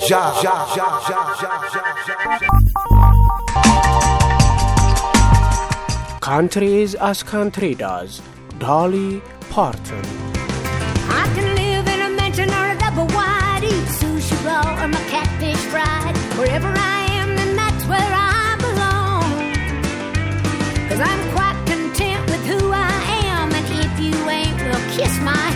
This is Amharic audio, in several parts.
Ja, ja, ja, ja, ja, ja, ja. Countries as country does. Dolly Parton. I can live in a mansion or a double wide, eat sushi raw or my catfish fried. Wherever I am, then that's where I belong. I'm quite content with who I am, and if you ain't, well, kiss my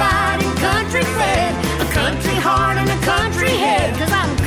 fighting country fed, a country heart and a country head, cause I'm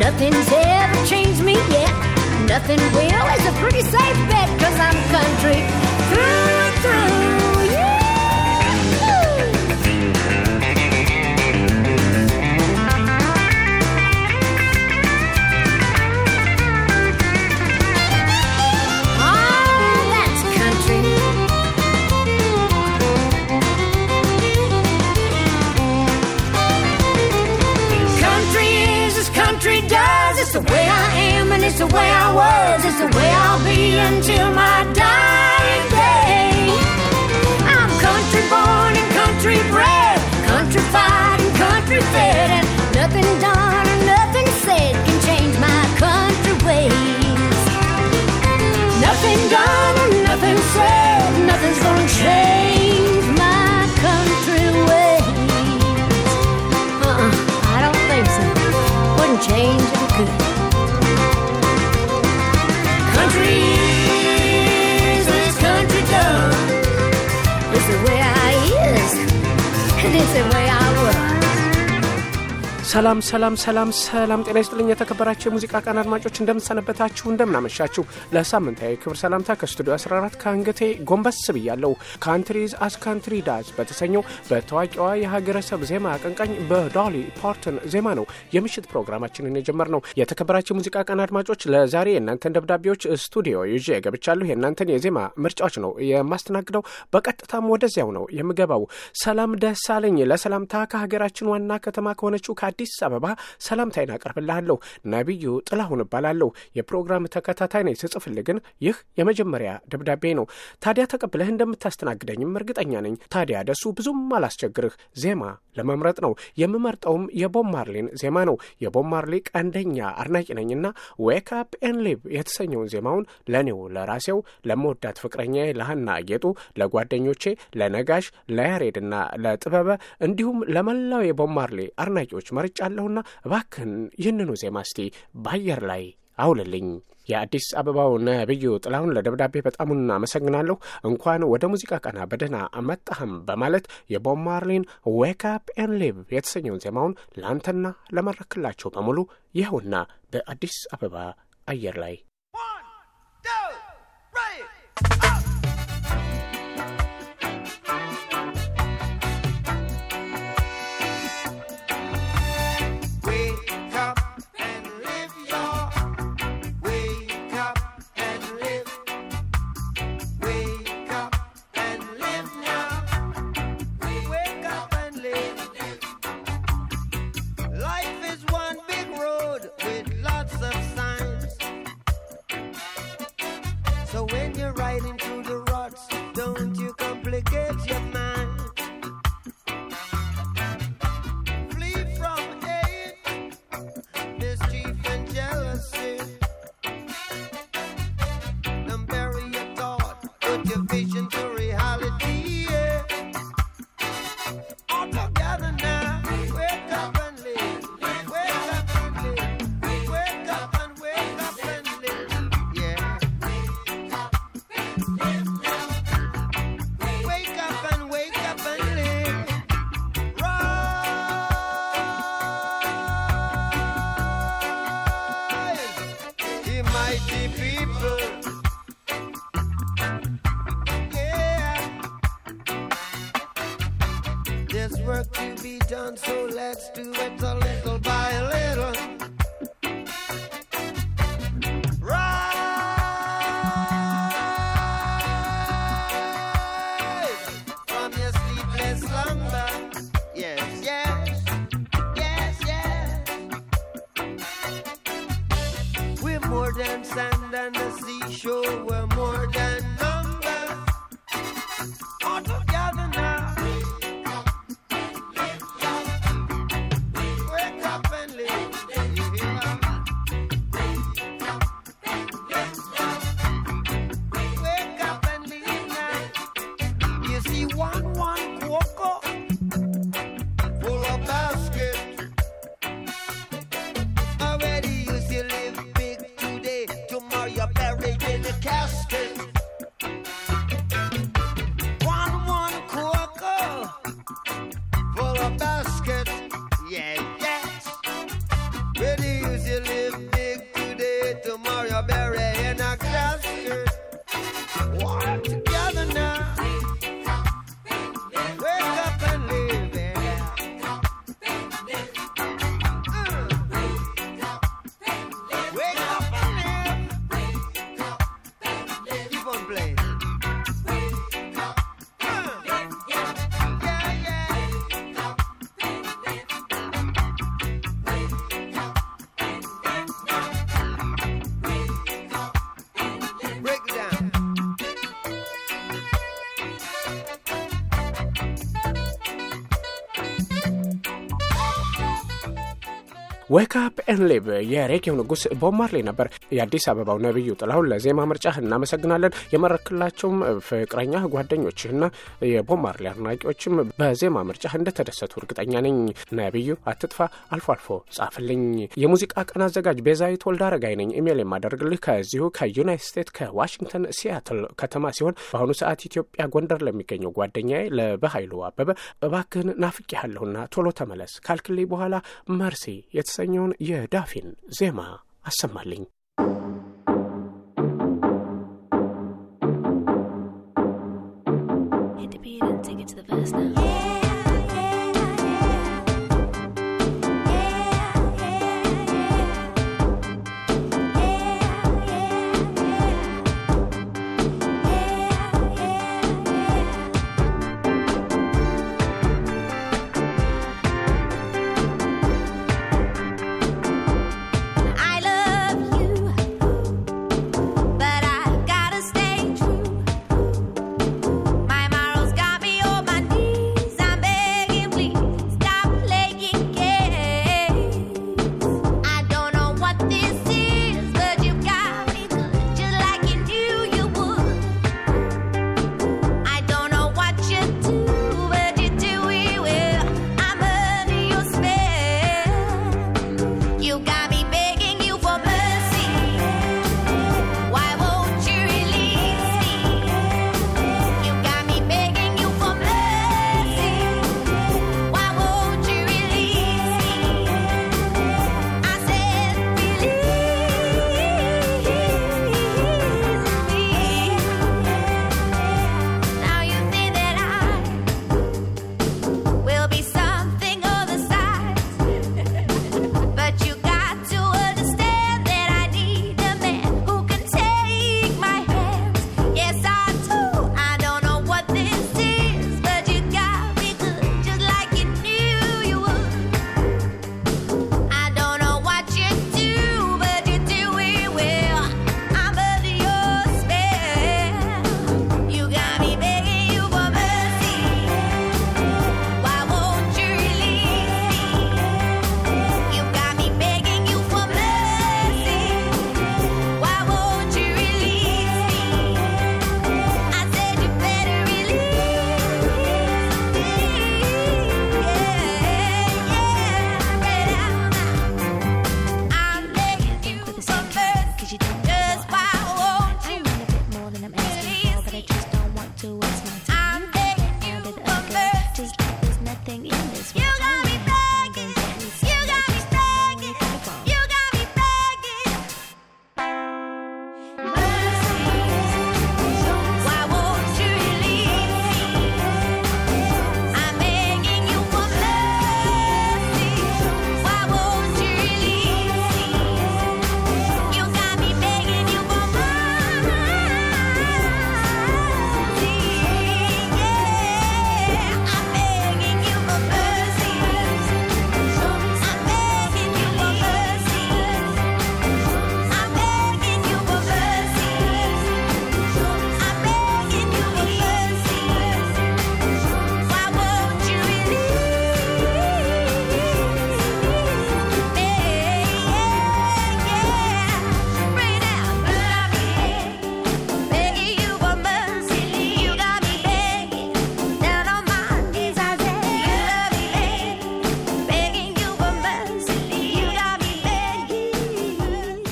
Nothing's ever changed me yet. Nothing will is a pretty safe bet, cause I'm country through and through. my ears. This way I work. ሰላም ሰላም ሰላም ሰላም፣ ጤና ይስጥልኝ የተከበራቸው የሙዚቃ ቃን አድማጮች፣ እንደምንሰነበታችሁ፣ እንደምናመሻችሁ። ለሳምንታዊ ክብር ሰላምታ ከስቱዲዮ 14 ከአንገቴ ጎንበስ ብያለሁ። ካንትሪዝ አስ ካንትሪ ዳዝ በተሰኘው በታዋቂዋ የሀገረሰብ ዜማ አቀንቃኝ በዶሊ ፓርተን ዜማ ነው የምሽት ፕሮግራማችንን የጀመር ነው የተከበራቸው የሙዚቃ ቃን አድማጮች፣ ለዛሬ የእናንተን ደብዳቤዎች ስቱዲዮ ይዤ የገብቻለሁ የእናንተን የዜማ ምርጫዎች ነው የማስተናግደው። በቀጥታም ወደዚያው ነው የምገባው። ሰላም ደሳለኝ ለሰላምታ ከሀገራችን ዋና ከተማ ከሆነችው ከአዲስ አበባ ሰላምታይን አቀርብልሃለሁ። ነቢዩ ጥላሁን እባላለሁ። የፕሮግራም ተከታታይ ነኝ። ስጽፍልህ ግን ይህ የመጀመሪያ ደብዳቤ ነው። ታዲያ ተቀብለህ እንደምታስተናግደኝም እርግጠኛ ነኝ። ታዲያ ደሱ ብዙም አላስቸግርህ። ዜማ ለመምረጥ ነው። የምመርጠውም የቦብ ማርሊን ዜማ ነው። የቦብ ማርሊ ቀንደኛ አድናቂ ነኝና ዌክ አፕ ኤን ሊቭ የተሰኘውን ዜማውን ለእኔው ለራሴው፣ ለመወዳት ፍቅረኛ ለሀና አጌጡ፣ ለጓደኞቼ ለነጋሽ፣ ለያሬድና ለጥበበ እንዲሁም ለመላው የቦብ ማርሊ አድናቂዎች መርጫለሁና እባክን ይህንኑ ዜማ እስቲ በአየር ላይ አውልልኝ። የአዲስ አበባው ነብዩ ጥላሁን ለደብዳቤ በጣም አመሰግናለሁ። እንኳን ወደ ሙዚቃ ቀና በደህና መጣህም በማለት የቦብ ማርሊን ዌክ አፕ ኤን ሊቭ የተሰኘውን ዜማውን ለአንተና ለመረክላቸው በሙሉ ይኸውና በአዲስ አበባ አየር ላይ So when you're riding through the ruts, don't you complicate your mind. strawberry in a cluster. Walk together now. ዌክ አፕ ኤን ሊቭ የሬጌው ንጉስ ቦብ ማርሌ ነበር። የአዲስ አበባው ነብዩ ጥላሁን ለዜማ ምርጫህ እናመሰግናለን። የመረክላቸውም ፍቅረኛ ጓደኞችህና የቦብ ማርሌ አድናቂዎችም በዜማ ምርጫህ እንደተደሰቱ እርግጠኛ ነኝ። ነብዩ አትጥፋ፣ አልፎ አልፎ ጻፍልኝ። የሙዚቃ ቀን አዘጋጅ ቤዛዊት ወልድ አረጋይ ነኝ። ኢሜል የማደርግልህ ከዚሁ ከዩናይት ስቴትስ ከዋሽንግተን ሲያትል ከተማ ሲሆን በአሁኑ ሰዓት ኢትዮጵያ ጎንደር ለሚገኘው ጓደኛዬ ለበሀይሉ አበበ እባክህን ናፍቄሃለሁና ቶሎ ተመለስ ካልክልኝ በኋላ መርሲ የተሰኘውን የዳፊን ዜማ አሰማልኝ።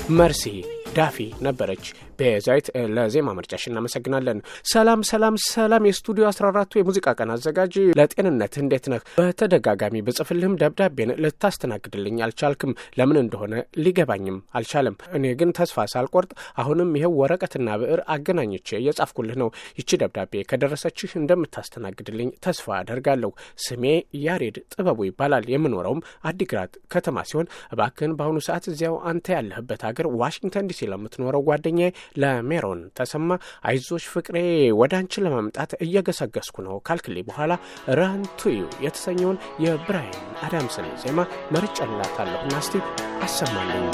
merci ዳፊ ነበረች። ቤዛዊት ለዜማ ምርጫሽ እናመሰግናለን። ሰላም ሰላም ሰላም። የስቱዲዮ 14ቱ የሙዚቃ ቀን አዘጋጅ ለጤንነት እንዴት ነህ? በተደጋጋሚ ብጽፍልህም ደብዳቤን ልታስተናግድልኝ አልቻልክም። ለምን እንደሆነ ሊገባኝም አልቻለም። እኔ ግን ተስፋ ሳልቆርጥ አሁንም ይኸው ወረቀትና ብዕር አገናኝቼ የጻፍኩልህ ነው። ይቺ ደብዳቤ ከደረሰችህ እንደምታስተናግድልኝ ተስፋ አደርጋለሁ። ስሜ ያሬድ ጥበቡ ይባላል። የምኖረውም አዲግራት ከተማ ሲሆን እባክህን በአሁኑ ሰዓት እዚያው አንተ ያለህበት ሀገር ዋሽንግተን ዲሲ ዲሲ ለምትኖረው ጓደኛዬ ለሜሮን ተሰማ አይዞች ፍቅሬ ወደ አንቺ ለመምጣት እየገሰገስኩ ነው ካልክሌ በኋላ ራንቱዩ የተሰኘውን የብራይን አዳምስን ዜማ መርጨላታለሁና እስቲ አሰማልኝ።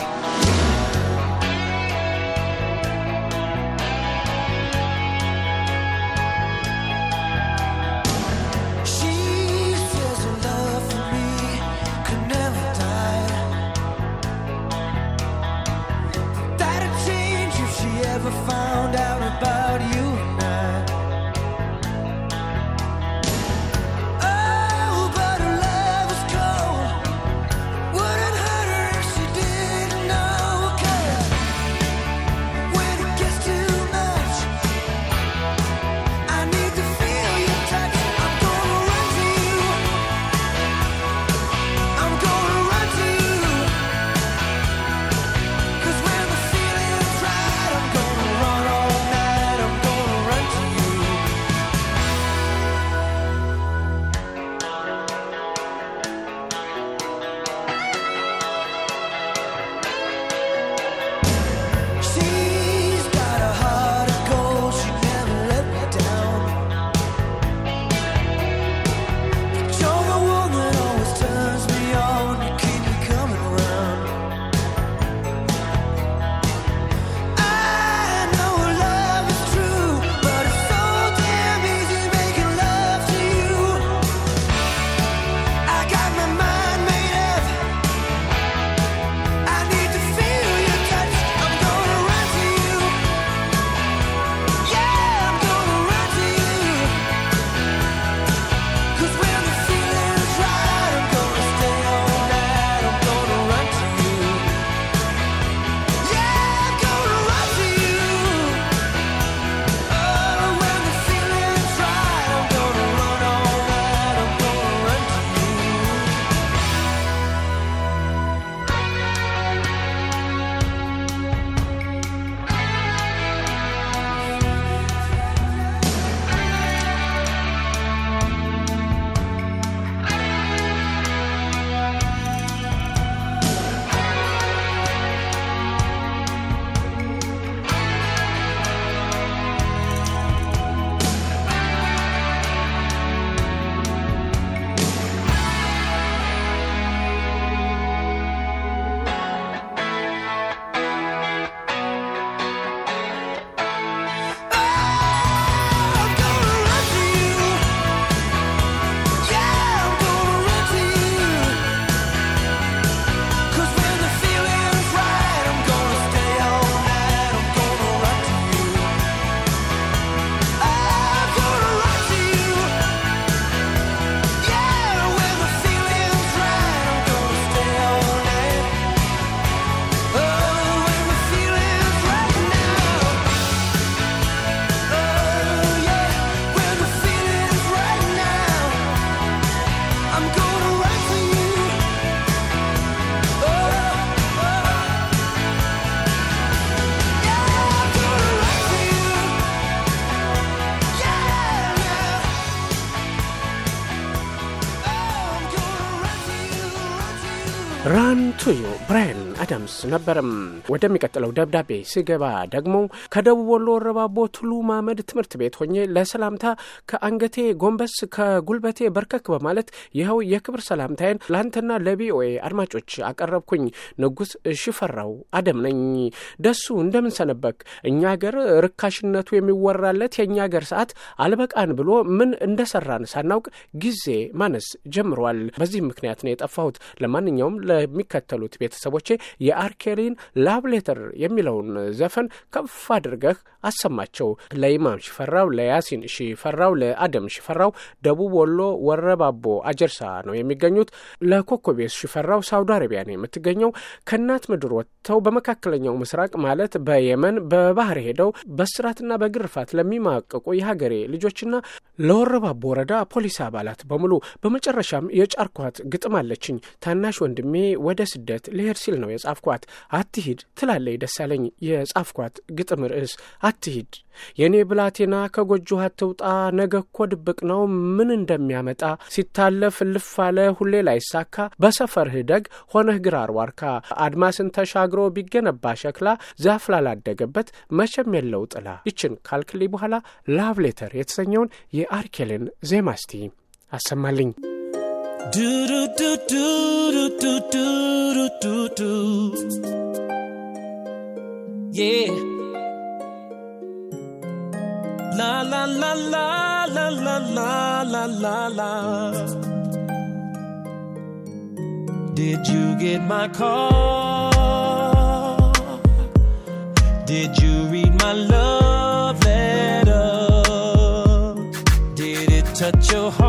ድምፅ ነበርም። ወደሚቀጥለው ደብዳቤ ስገባ ደግሞ ከደቡብ ወሎ ወረባቦ ቱሉ ማመድ ትምህርት ቤት ሆኜ ለሰላምታ ከአንገቴ ጎንበስ ከጉልበቴ በርከክ በማለት ይኸው የክብር ሰላምታዬን ለአንተና ለቪኦኤ አድማጮች አቀረብኩኝ። ንጉሥ ሽፈራው አደም ነኝ። ደሱ እንደምን ሰነበክ? እኛ አገር ርካሽነቱ የሚወራለት የእኛ አገር ሰዓት አልበቃን ብሎ ምን እንደሰራን ሳናውቅ ጊዜ ማነስ ጀምሯል። በዚህም ምክንያት ነው የጠፋሁት። ለማንኛውም ለሚከተሉት ቤተሰቦቼ የአርኬሪን ላቭ ሌተር የሚለውን ዘፈን ከፍ አድርገህ አሰማቸው። ለኢማም ሽፈራው፣ ለያሲን ሽፈራው፣ ለአደም ሽፈራው ደቡብ ወሎ ወረባቦ አጀርሳ ነው የሚገኙት። ለኮኮቤስ ሽፈራው ሳውዲ አረቢያ ነው የምትገኘው። ከእናት ምድር ወጥተው በመካከለኛው ምስራቅ ማለት በየመን በባህር ሄደው በስራትና በግርፋት ለሚማቅቁ የሀገሬ ልጆችና ለወረባቦ ወረዳ ፖሊስ አባላት በሙሉ በመጨረሻም የጫርኳት ግጥም አለችኝ። ታናሽ ወንድሜ ወደ ስደት ልሄድ ሲል ነው የጻፍ ጻፍኳት አትሂድ ትላለች ደሳለኝ። የጻፍኳት ግጥም ርዕስ አትሂድ የእኔ ብላቴና ከጎጆ አትውጣ፣ ነገ እኮ ድብቅ ነው ምን እንደሚያመጣ ሲታለፍ ልፋለ ሁሌ ላይሳካ በሰፈርህ ደግ ሆነህ ግራር ዋርካ አድማስን ተሻግሮ ቢገነባ ሸክላ ዛፍ ላላደገበት መቼም የለው ጥላ። ይችን ካልክሌ በኋላ ላቭሌተር የተሰኘውን የአርኬልን ዜማ እስቲ አሰማልኝ። Do do do do do do do do do do. Yeah. La la la la la la la la la la. Did you get my call? Did you read my love letter? Did it touch your heart?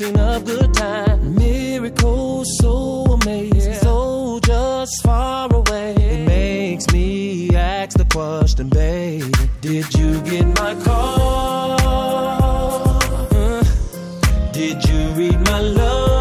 medicine of good time. Miracles so amazing, yeah. so just far away. It makes me ask the question, baby, did you get my call? Uh, did you read my love?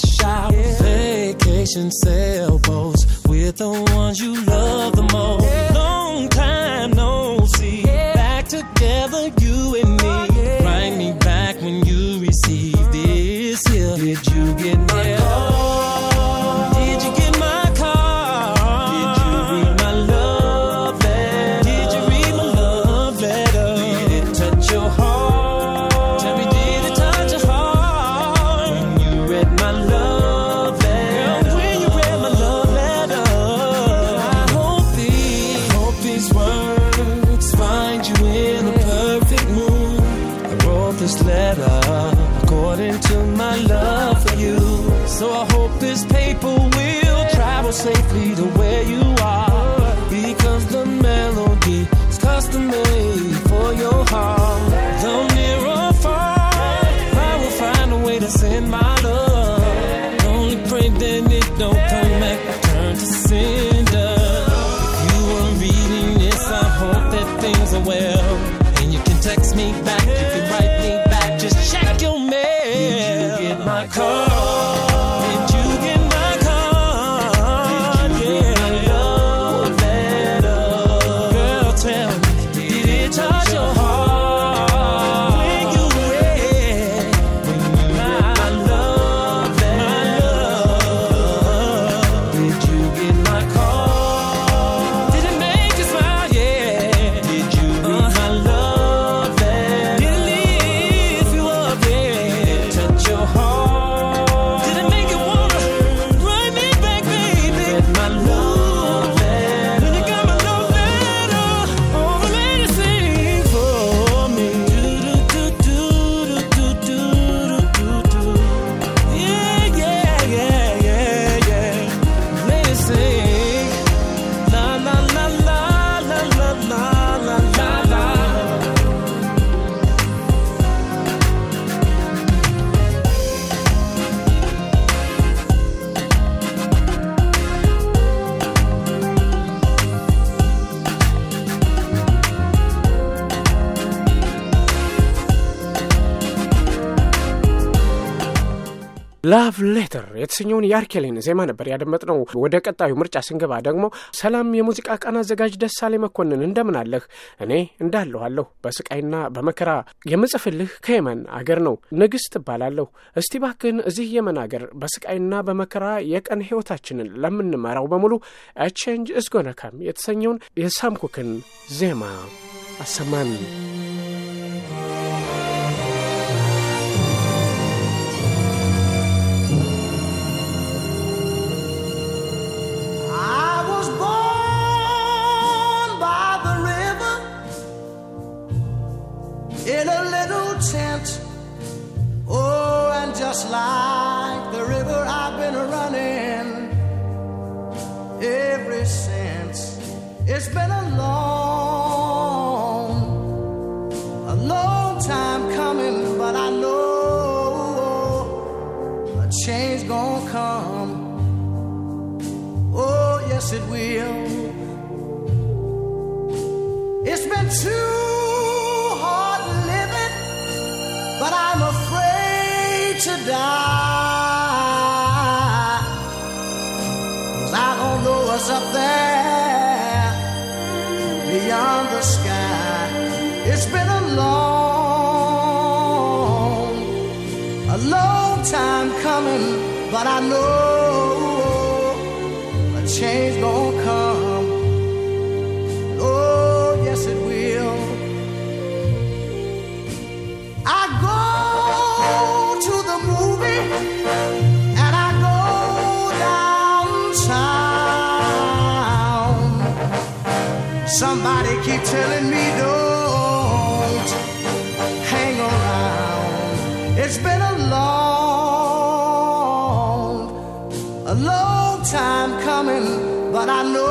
the shower. Yeah. Vacation sailboats with the ones you love. well. And you can text me back. ላቭ ሌተር የተሰኘውን የአርኬሌን ዜማ ነበር ያደመጥነው። ወደ ቀጣዩ ምርጫ ስንገባ ደግሞ ሰላም፣ የሙዚቃ ቀን አዘጋጅ ደሳሌ መኮንን እንደምን አለህ? እኔ እንዳለኋለሁ በስቃይና በመከራ የምጽፍልህ ከየመን አገር ነው። ንግሥት እባላለሁ። እስቲ ባክን እዚህ የመን አገር በስቃይና በመከራ የቀን ሕይወታችንን ለምንመራው በሙሉ ኤቼንጅ እስጎነካም የተሰኘውን የሳምኩክን ዜማ አሰማን። just like the river I've been running ever since. It's been a long, a long time coming, but I know a change gonna come. Oh, yes, it will. It's been too to die. Cause I don't know what's up there beyond the sky. It's been a long, a long time coming, but I know a change gonna come. keep telling me don't hang around. It's been a long, a long time coming, but I know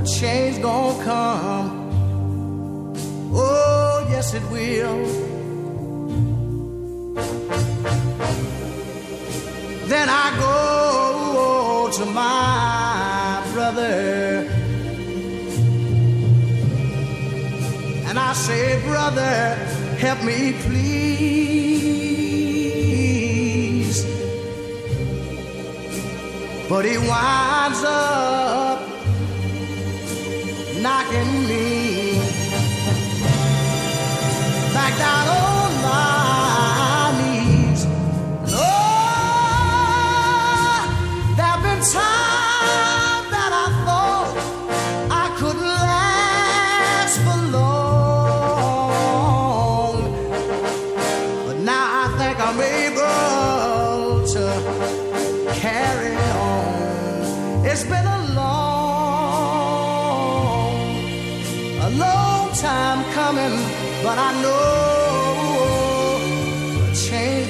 a change gonna come. Oh, yes, it will. Then I go to my brother. I say, brother, help me please. But he winds up knocking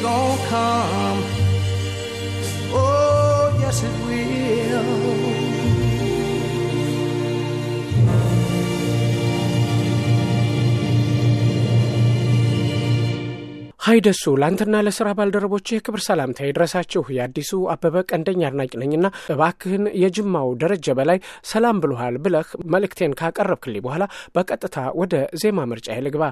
gonna come. Oh, yes, it will. ሀይደሱ ለአንተና ለስራ ባልደረቦች የክብር ሰላምታ ይድረሳችሁ። የአዲሱ አበበ ቀንደኛ አድናቂ ነኝና እባክህን የጅማው ደረጀ በላይ ሰላም ብሎሃል ብለህ መልእክቴን ካቀረብክልኝ በኋላ በቀጥታ ወደ ዜማ ምርጫ ይልግባ።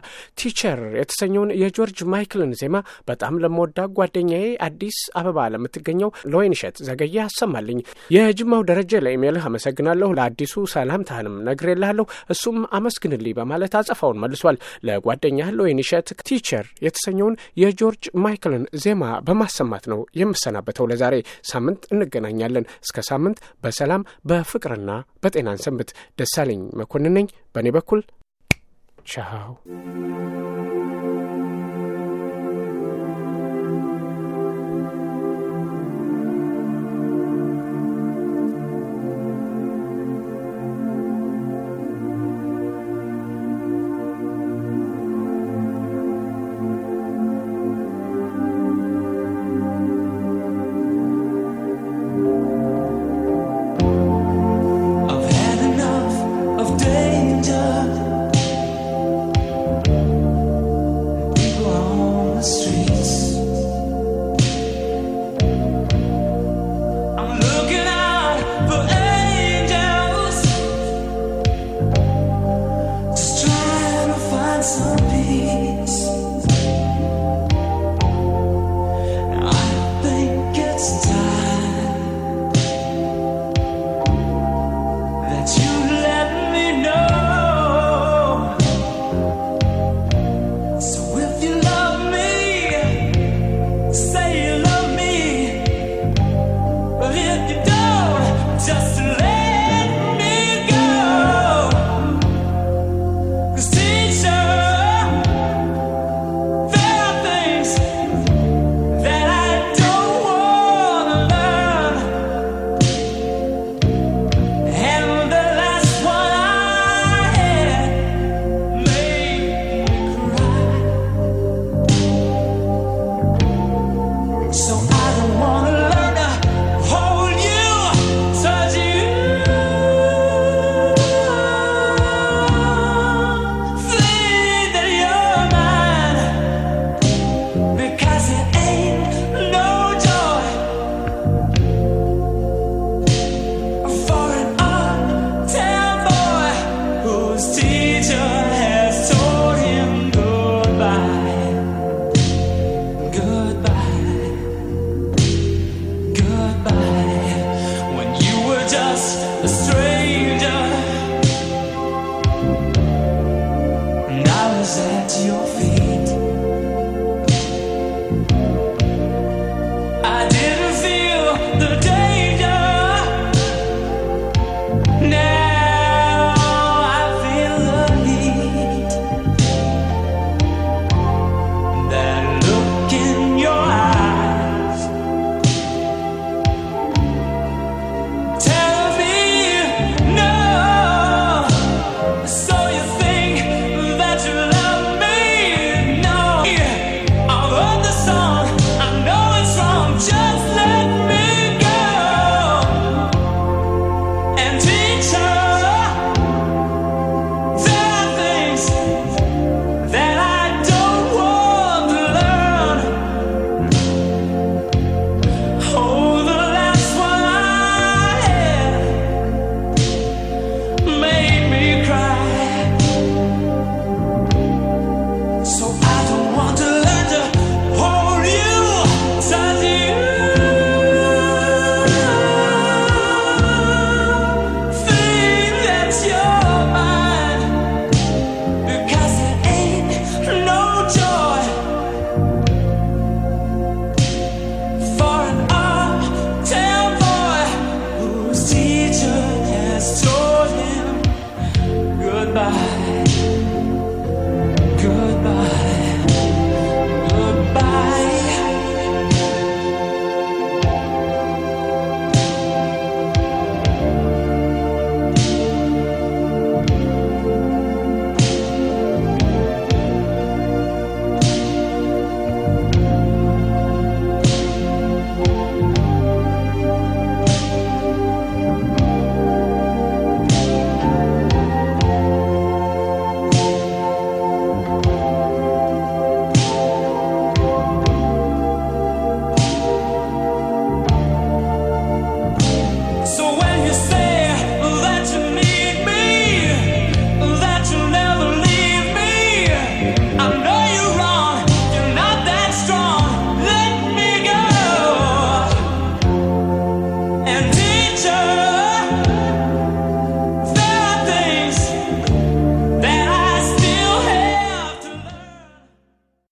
ቲቸር የተሰኘውን የጆርጅ ማይክልን ዜማ በጣም ለመወዳ ጓደኛዬ አዲስ አበባ ለምትገኘው ለወይንሸት ዘገየ አሰማልኝ። የጅማው ደረጀ ለኢሜልህ አመሰግናለሁ፣ ለአዲሱ ሰላምታህንም ነግሬልሃለሁ፣ እሱም አመስግንልኝ በማለት አጸፋውን መልሷል። ለጓደኛህ ለወይንሸት ቲቸር የተሰኘውን የጆርጅ ማይክልን ዜማ በማሰማት ነው የምሰናበተው። ለዛሬ ሳምንት እንገናኛለን። እስከ ሳምንት በሰላም በፍቅርና በጤናን ሰንብት። ደሳለኝ መኮንን ነኝ። በእኔ በኩል ቻው።